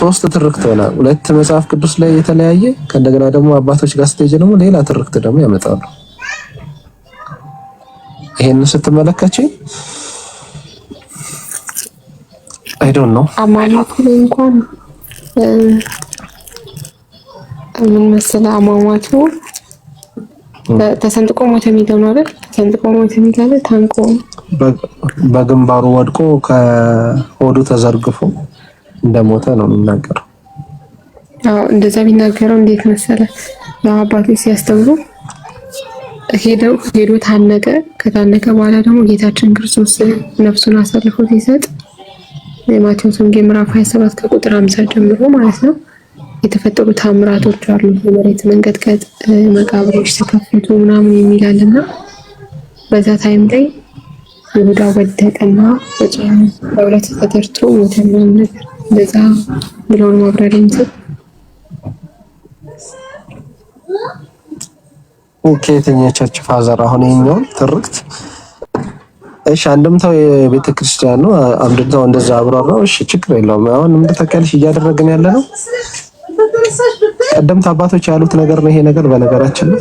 ሶስት ትርክት ሆነ። ሁለት መጽሐፍ ቅዱስ ላይ የተለያየ ከእንደገና ደግሞ አባቶች ጋር ስትሄጂ ደግሞ ሌላ ትርክት ደግሞ ያመጣሉ። ይሄን ስትመለከቺ አይ ዶንት ኖ አማማቱ እንኳን ምን መሰለህ አማማቱ ተሰንጥቆ ሞተ የሚለው ነው አይደል? ተሰንጥቆ ሞተ የሚለው ታንቆ በግንባሩ ወድቆ ከሆዱ ተዘርግፎ እንደሞተ ነው የሚናገረው። አዎ እንደዛ ቢናገረው እንዴት መሰለ ያው አባቶች ሲያስተምሩ ሄደው ሄዶ ታነቀ። ከታነቀ በኋላ ደግሞ ጌታችን ክርስቶስ ነፍሱን አሳልፎ ሲሰጥ የማቴዎስ ወንጌል ምዕራፍ 27 ከቁጥር 50 ጀምሮ ማለት ነው የተፈጠሩ ታምራቶች አሉ። የመሬት መንቀጥቀጥ፣ መቃብሮች ተከፍቶ ምናምን የሚላልና በዛ ታይም ላይ ይሁዳ ወደቀና በጫኑ በሁለት ተተርቶ ሞተ ምናምን ነገር እንደዛ ብለውን ማብራሪያ ምስል ኦኬ ፋዘር አሁን ይኛውን ትርክት እሺ አንድምታው የቤተ ክርስቲያን ነው። አንድምታው እንደዛ አብራራው። እሺ ችግር የለውም። አሁን ተከልሽ እያደረግን ያለ ነው። ቀደምት አባቶች ያሉት ነገር ነው ይሄ ነገር በነገራችን ነው።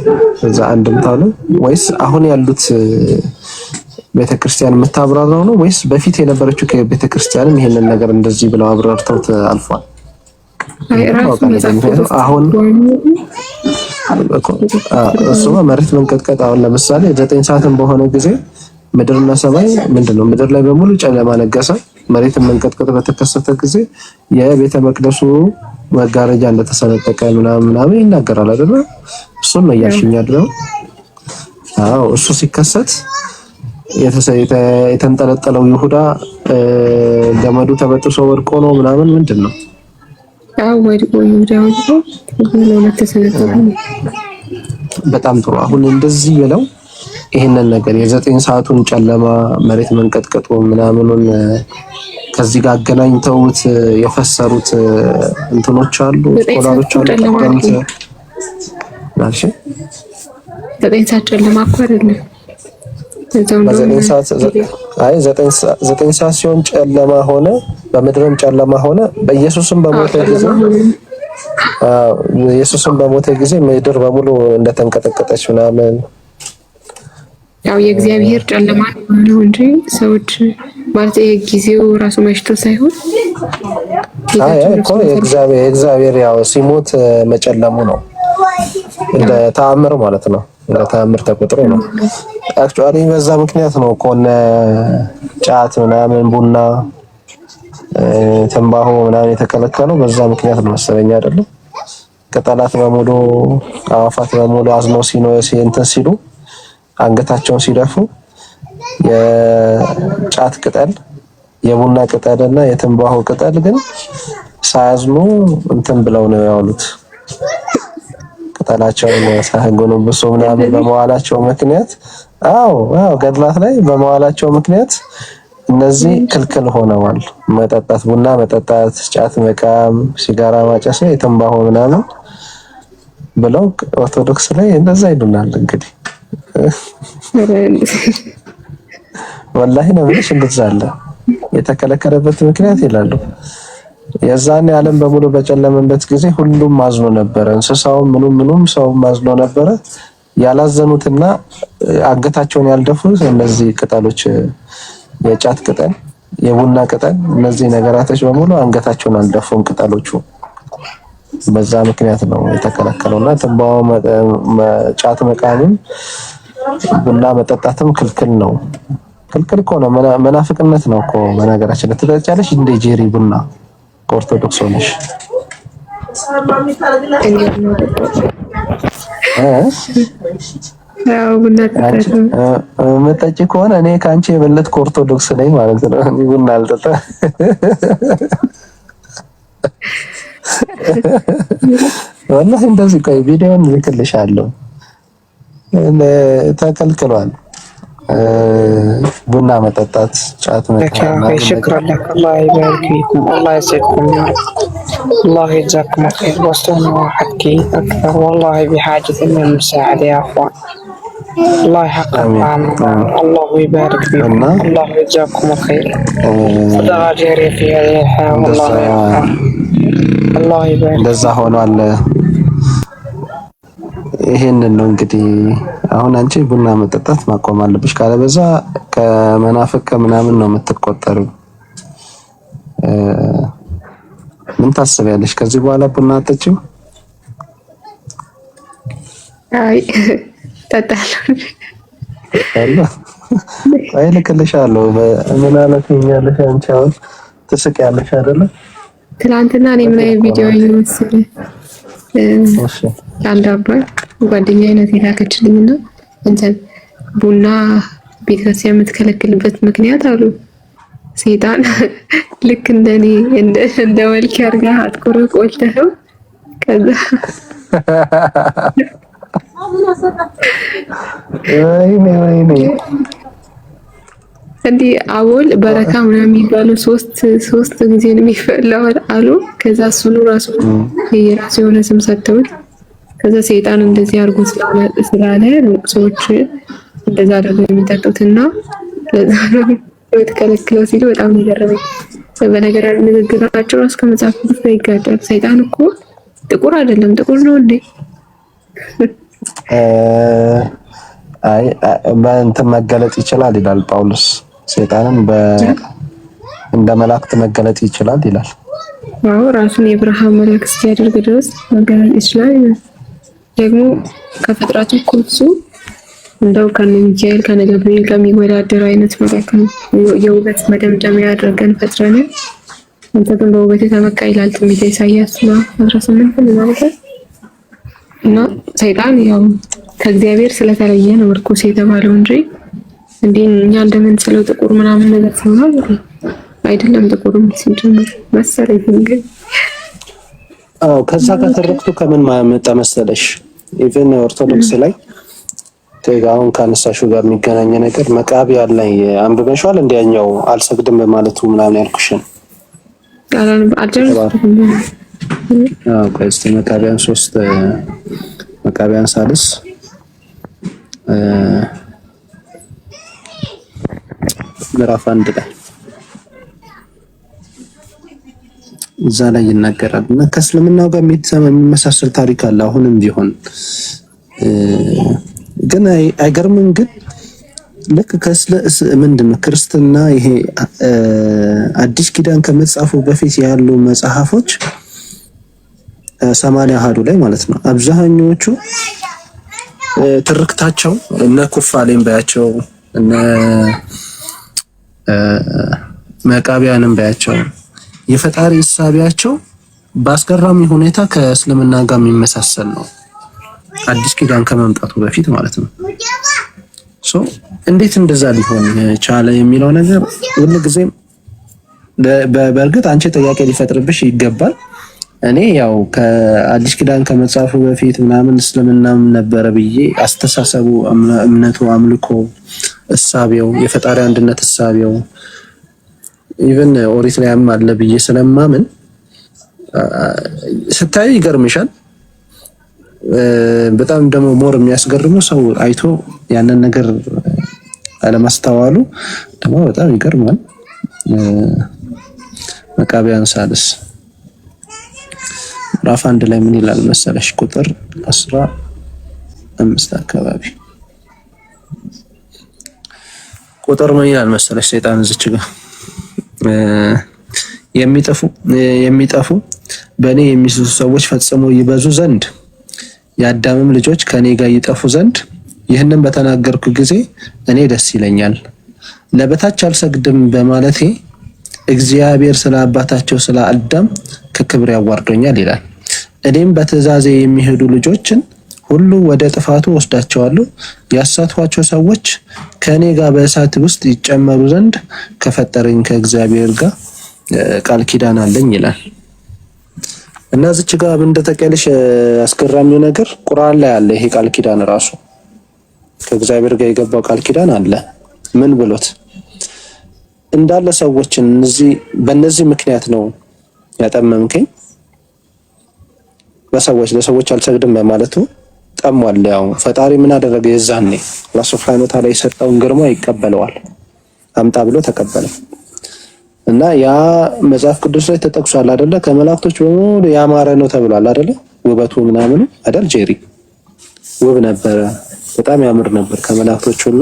እዛ አንድምታው ነው ወይስ አሁን ያሉት ቤተክርስቲያን የምታብራራው ነው ወይስ በፊት የነበረችው ከቤተክርስቲያንም ይሄንን ነገር እንደዚህ ብለው አብራርተውት አልፏል? አሁን እሱማ መሬት መንቀጥቀጥ አሁን ለምሳሌ ዘጠኝ ሰዓትም በሆነ ጊዜ ምድርና ሰማይ ምንድን ነው ምድር ላይ በሙሉ ጨለማ ነገሰ። መሬት መንቀጥቀጥ በተከሰተ ጊዜ የቤተ መቅደሱ መጋረጃ እንደተሰነጠቀ ምናምን ምናምን ይናገራል አይደለ? እሱን ነው እያልሽኝ ያለው። አዎ እሱ ሲከሰት የተንጠለጠለው ይሁዳ ገመዱ ተበጥሶ ወድቆ ነው ምናምን ምንድን ነው? አዎ ወድቆ ይሁዳ ወድቆ በጣም ጥሩ። አሁን እንደዚህ ብለው ይህንን ነገር የዘጠኝ ሰዓቱን ጨለማ መሬት መንቀጥቀጡ ምናምኑን ከዚህ ጋር አገናኝተውት የፈሰሩት እንትኖች አሉ፣ ስኮላሮች አሉ። ቀደምት ዘጠኝ ሰዓት ጨለማ እኮ አይደለም ዘጠኝ ሰዓት ሲሆን ጨለማ ሆነ፣ በምድርም ጨለማ ሆነ። በኢየሱስም በሞተ ጊዜ ኢየሱስም በሞተ ጊዜ ምድር በሙሉ እንደተንቀጠቀጠች ምናምን ያው የእግዚአብሔር ጨለማ ነው እንጂ ሰዎች ማለት ይሄ ጊዜው ራሱ መሽቶ ሳይሆን አይ እኮ የእግዚአብሔር ያው ሲሞት መጨለሙ ነው እንደ ተአምር ማለት ነው። እንደ ተአምር ተቆጥሮ ነው። አክቹአሊ በዛ ምክንያት ነው ኮነ ጫት ምናምን ቡና ትንባሆ ምናምን የተከለከለው በዛ ምክንያት ነው መሰለኝ አይደለም። ቅጠላት በሙሉ አዋፋት በሙሉ አዝነው ሲኖ እንትን ሲሉ አንገታቸውን ሲደፉ የጫት ቅጠል፣ የቡና ቅጠል እና የትንባሆ ቅጠል ግን ሳያዝኑ እንትን ብለው ነው ያሉት። ቅጠላቸውን ሳያጎነበሱ ምናምን በመዋላቸው ምክንያት አዎ አዎ ገድላት ላይ በመዋላቸው ምክንያት እነዚህ ክልክል ሆነዋል። መጠጣት፣ ቡና መጠጣት፣ ጫት መቃም፣ ሲጋራ ማጨስ ላይ የትንባሆ ምናምን ብለው ኦርቶዶክስ ላይ እንደዛ ይሉናል። እንግዲህ ወላሂ ነው ብለሽ እንደዛ አለ የተከለከለበት ምክንያት ይላሉ። የዛኔ ዓለም በሙሉ በጨለመበት ጊዜ ሁሉም አዝኖ ነበረ። እንስሳውም ምኑም ምኑም ሰውም አዝኖ ነበረ። ያላዘኑትና አንገታቸውን ያልደፉት እነዚህ ቅጠሎች፣ የጫት ቅጠል፣ የቡና ቅጠል፣ እነዚህ ነገራቶች በሙሉ አንገታቸውን አልደፉም ቅጠሎቹ። በዛ ምክንያት ነው የተከለከለውና ትንባዋ ጫት መቃምም ቡና መጠጣትም ክልክል ነው። ክልክል እኮ ነው፣ መናፍቅነት ነው እኮ በነገራችን። ትጠጫለሽ እንደ ጄሪ ቡና ከኦርቶዶክስ ሆነሽ ከሆነ እኔ ከአንቺ የበለጥኩ ኦርቶዶክስ ነኝ ማለት ነው። እኔ ቡና አልጠጣ ወላሂ እንደዚህ ቆይ፣ ቪዲዮን ልክልሻለሁ። ተከልክሏል። ቡና መጠጣት፣ ጫት መጠጣት። ሽክራ ለክ አላህ ይባርክ ፊኩም አላህ ይሰድኩም ያ ረብ አላህ ይጀዛኩም ኸይር ወስተን ወሐቂ አክበር ወላሂ ቢሓጀት ምን ምሳዓደ ያ እኽዋን الله يحقق الله يبارك فيكم الله يجزاكم الخير صدقة جارية في هذه الحياة والله يحقق الله يبارك እንደዛ ሆኗል። ይሄንን ነው እንግዲህ አሁን አንቺ ቡና መጠጣት ማቆም አለብሽ። ካለበዛ ከመናፍቅ ከምናምን ነው የምትቆጠሩ። ምን ታስቢያለሽ? ከዚህ በኋላ ቡና አጠጪው? አይ ጠጣለሁ። አይ እልክልሻለሁ። ምን አለፈኛለሽ? አንቺ አሁን ትስቂያለሽ አይደለ? ትናንትና እኔ ምን ቪዲዮ ይመስል እሺ ለአንድ አባት ጓደኛ አይነት የላከችልኝ እና እንትን ቡና ቤተክርስቲያን የምትከለክልበት ምክንያት አሉ ሴጣን ልክ እንደኔ እንደ መልክ ያርጋ አጥቆረ ቆልተው ከዛ እንዲህ አቦል በረካ ምናምን የሚባለው ሶስት ሶስት ጊዜ ነው የሚፈላው አሉ። ከዛ እሱኑ ራሱ የራሱ የሆነ ስም ሰጥተውት ከዛ ሰይጣን እንደዚህ አድርጎ ስላለ ሰዎች እንደዛ አድርጎ የሚጠጡት እና ለዛ ነው ሲሉ በጣም የገረመኝ በነገር ንግግራቸው ራሱ ከመጽሐፍ ቅዱስ ላይ ይጋጫል። ሰይጣን እኮ ጥቁር አይደለም፣ ጥቁር ነው እንዴ? አይ በእንትን መገለጥ ይችላል ይላል ጳውሎስ። ሰይጣንም እንደ መላእክት መገለጥ ይችላል ይላል። አዎ ራሱን የብርሃን መልአክ እስኪያደርግ ድረስ መገለጥ ይችላል ይላል። ደግሞ ከፍጥረቱ ኩሱ እንደው ከነ ሚካኤል ከነ ገብርኤል ከሚወዳደር አይነት መልአክ የውበት መደምደሚያ ያደረገን ፈጥረን አንተ ግን በውበት የተመካ ይላል ትንቢተ ኢሳይያስ 18 ማለት ነው። እና ሰይጣን ያው ከእግዚአብሔር ስለተለየ ነው እርኩስ የተባለው እንጂ እንዴ እኛ እንደምንስለው ጥቁር ምናምን ነገር ሳይሆን አይደለም። ጥቁርም ሲጀምር መሰለኝ ግን አዎ ከዛ ከተረክቱ ከምን ማመጣ መሰለሽ ኢቨን ኦርቶዶክስ ላይ አሁን ከአነሳሹ ጋር የሚገናኝ ነገር መቃቢ ላይ አንብበሻል። እንዲያኛው አልሰግድም በማለቱ ምናምን ያልኩሽን ስ መቃቢያን ሶስት መቃቢያን ሳልስ ምዕራፍ አንድ ላይ እዛ ላይ ይናገራል እና ከእስልምናው ጋር የሚመሳሰል ታሪክ አለ። አሁንም ቢሆን ግን አይገርምም። ግን ልክ ከስለ ነው ክርስትና ይሄ አዲስ ኪዳን ከመጻፉ በፊት ያሉ መጽሐፎች ሰማንያ አሃዱ ላይ ማለት ነው አብዛኞቹ ትርክታቸው እነ ኩፋሌን ባያቸው እነ መቃቢያንም ባያቸው የፈጣሪ እሳቢያቸው በአስገራሚ ሁኔታ ከእስልምና ጋር የሚመሳሰል ነው። አዲስ ኪዳን ከመምጣቱ በፊት ማለት ነው። ሶ እንዴት እንደዛ ሊሆን ቻለ የሚለው ነገር ሁሉ ጊዜም በእርግጥ አንቺ ጥያቄ ሊፈጥርብሽ ይገባል። እኔ ያው ከአዲስ ኪዳን ከመጻፉ በፊት ምናምን እስልምናም ነበረ ብዬ አስተሳሰቡ፣ እምነቱ፣ አምልኮ፣ እሳቤው፣ የፈጣሪ አንድነት እሳቤው ኢቨን uh, ኦሪት ላይም አለ ብዬ ስለማምን ስታዩ ይገርምሻል። በጣም ደግሞ ሞር የሚያስገርመው ሰው አይቶ ያንን ነገር አለማስተዋሉ ደግሞ በጣም ይገርማል። መቃቢያን ሳልስ ራፍ አንድ ላይ ምን ይላል መሰለሽ? ቁጥር አስራ አምስት አካባቢ ቁጥር ምን ይላል መሰለሽ? ሰይጣን እዚች ጋር የሚጠፉ የሚጠፉ በእኔ የሚስቱ ሰዎች ፈጽሞ ይበዙ ዘንድ የአዳምም ልጆች ከኔ ጋር ይጠፉ ዘንድ ይህንን በተናገርኩ ጊዜ እኔ ደስ ይለኛል። ለበታች አልሰግድም በማለቴ እግዚአብሔር ስለ አባታቸው ስለ አዳም ከክብር ያዋርዶኛል ይላል። እኔም በትእዛዜ የሚሄዱ ልጆችን ሁሉ ወደ ጥፋቱ ወስዳቸዋለሁ። ያሳትኋቸው ሰዎች ከእኔ ጋር በእሳት ውስጥ ይጨመሩ ዘንድ ከፈጠረኝ ከእግዚአብሔር ጋር ቃል ኪዳን አለኝ ይላል እና እዚች ጋር እንደተቀልሽ አስገራሚው ነገር ቁርአን ላይ አለ። ይሄ ቃል ኪዳን ራሱ ከእግዚአብሔር ጋር የገባው ቃል ኪዳን አለ። ምን ብሎት እንዳለ ሰዎችን እነዚህ በእነዚህ ምክንያት ነው ያጠመምከኝ በሰዎች ለሰዎች አልሰግድም በማለቱ ጠሟል። ያው ፈጣሪ ምን አደረገ? የዛኔ አላህ ሱብሓነሁ ወተዓላ የሰጠውን ግርማ ይቀበለዋል። አምጣ ብሎ ተቀበለ እና ያ መጽሐፍ ቅዱስ ላይ ተጠቅሷል አይደለ? ከመላእክቶች በሙሉ ያማረ ነው ተብሏል አይደለ? ውበቱ ምናምኑ አይደል? ጄሪ ውብ ነበረ፣ በጣም ያምር ነበር። ከመላእክቶች ሁሉ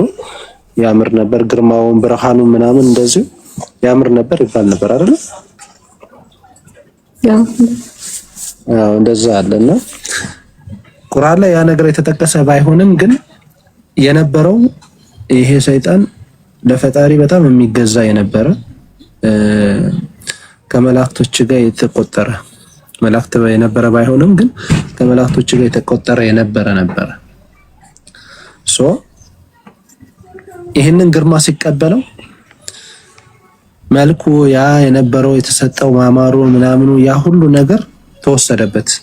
ያምር ነበር፣ ግርማውን ብርሃኑ ምናምን እንደዚሁ ያምር ነበር ይባል ነበር አይደለ? ያው እንደዛ አለና ቁርአን ላይ ያ ነገር የተጠቀሰ ባይሆንም ግን የነበረው ይሄ ሰይጣን ለፈጣሪ በጣም የሚገዛ የነበረ ከመላእክቶች ጋር የተቆጠረ መላእክት የነበረ ባይሆንም ግን ከመላእክቶች ጋር የተቆጠረ የነበረ ነበረ። ሶ ይህንን ግርማ ሲቀበለው መልኩ ያ የነበረው የተሰጠው ማማሩ ምናምኑ ያ ሁሉ ነገር ተወሰደበት።